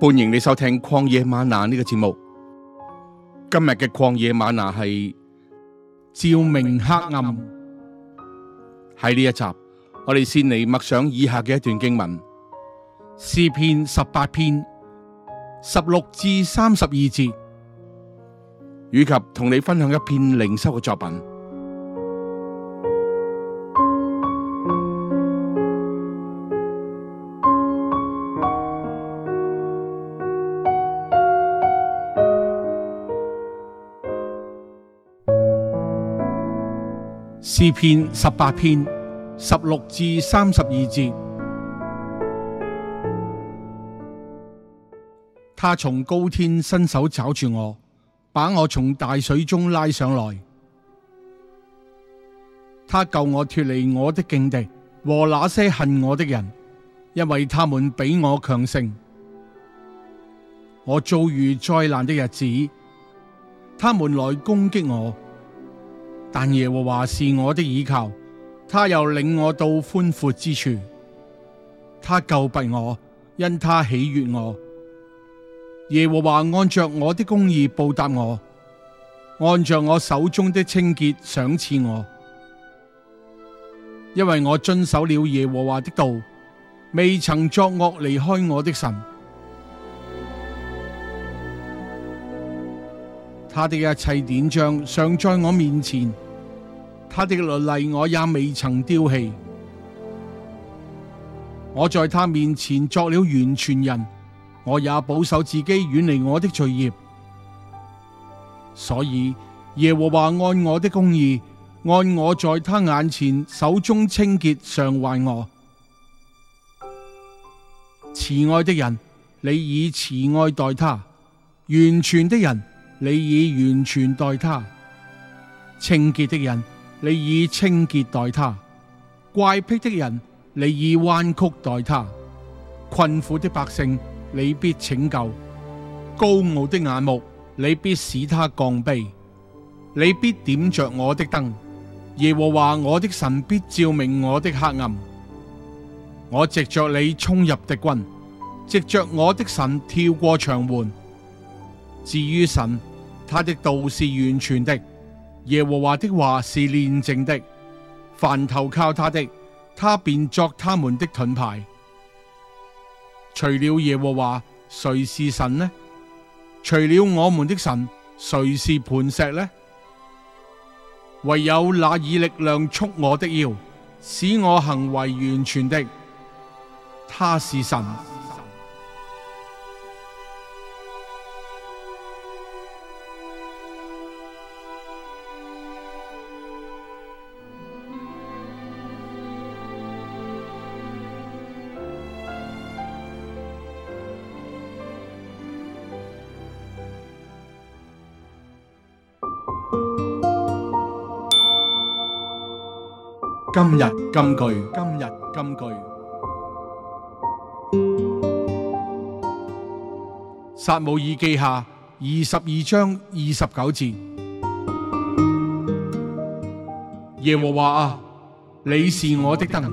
歡迎你收聽曠野嗎哪呢個節目。今日嘅曠野嗎哪係照明黑暗。喺呢一集，我哋先嚟默想以下嘅一段經文，詩篇十八篇，十六至三十二節，以及同你分享一篇靈修嘅作品。詩篇十八篇，十六至三十二節，他從高天伸手抓住我，把我從大水中拉上來。他救我脫離我的境地和那些恨我的人，因為他們比我強盛。我遭遇災難的日子，他們來攻擊我。但耶和華是我的倚靠，他又領我到寬闊之處，他救拔我，因他喜悅我。耶和華按着我的公義報答我，按着我手中的清潔賞賜我，因為我遵守了耶和華的道，未曾作惡離開我的神。他的一切典章尚在我面前，他的律例我也未曾丟棄。我在他面前作了完全人，我也保守自己遠離我的罪孽。所以耶和華按我的公義，按我在他眼前手中清潔，償還我。慈愛的人，你以慈愛待他；完全的人。你以完全待他，清潔的人，你以清潔待他；乖僻的人，你以彎曲待他；困苦的百姓，你必拯救；高傲的眼目，你必使他降卑；你必點着我的燈。耶和華我的神必照明我的黑暗。我藉着你衝入敵軍，藉着我的神跳過牆垣。至於神。他的道是完全的，耶和華的話是煉淨的，凡投靠他的，他便作他們的盾牌。除了耶和華，誰是神呢？除了我們的神，誰是磐石呢？唯有那以力量束我的腰，使我行為完全的，他是神。今日金句，今日金句。撒母耳記下二十二章二十九節，耶和華啊，你是我的燈，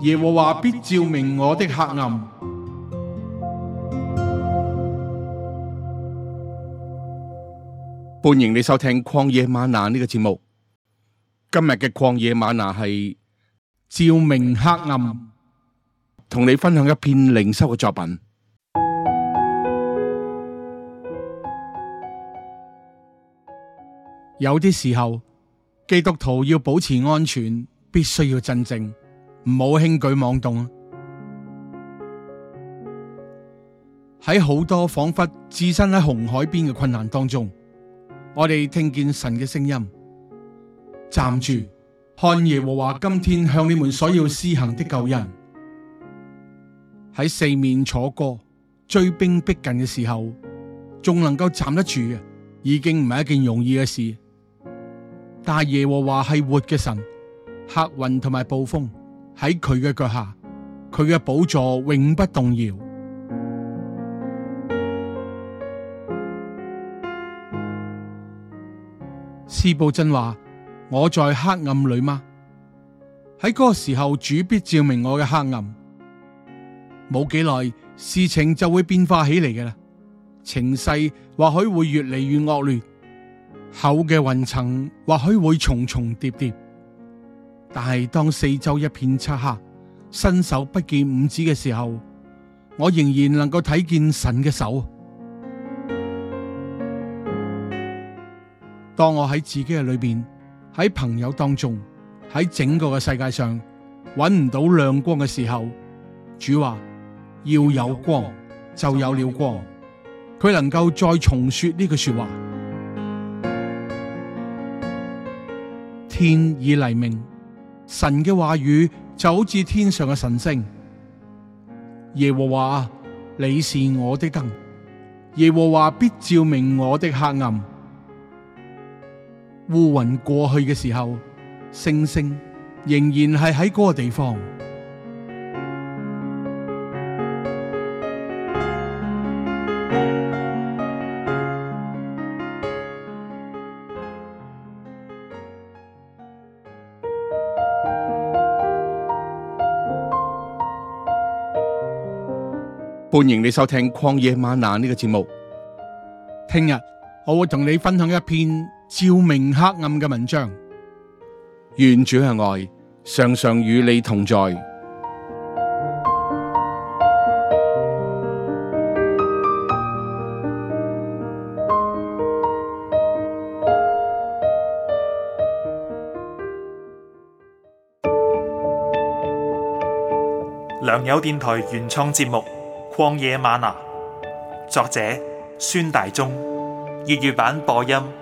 耶和華必照明我的黑暗。歡迎你收聽曠野嗎哪呢個節目。今日嘅曠野嗎哪，係照明黑暗，同你分享一篇靈修嘅作品。有啲時候，基督徒要保持安全，必須要鎮靜，唔好輕舉妄動。喺好多仿佛置身喺紅海邊嘅困難當中，我哋聽見神嘅聲音。站住！看耶和華今天向你們所要施行的救恩。喺四面楚歌追兵逼近嘅時候，仲能夠站得住嘅，已經唔係一件容易嘅事。但係耶和華係活嘅神，黑雲、同埋暴風喺佢嘅腳下，佢嘅寶座永不動搖。司布真話。我在黑暗裏嗎？喺嗰個時候，主必照明我嘅黑暗。冇幾耐，事情就會變化起嚟嘅啦。情勢或許會越嚟越惡劣，厚嘅雲層或許會重重疊疊。但係當四周一片漆黑，伸手不見五指嘅時候，我仍然能夠睇見神嘅手。當我喺自己嘅裏邊。喺朋友當中，喺整個嘅世界上揾唔到亮光嘅時候，主話，要有光就有了光，佢能夠再重說呢句說話。天已黎明，神嘅話語就好似天上嘅神星。耶和華，你是我的燈，耶和華必照明我的黑暗。烏雲過去嘅時候，星星仍然係喺嗰個地方。歡迎你收聽《曠野嗎哪》呢個節目。聽日我會同你分享一篇。照明黑暗嘅文章，願主嘅愛常常與你同在。良友電台原創節目《曠野嗎哪》，作者孫大中，粵語版播音。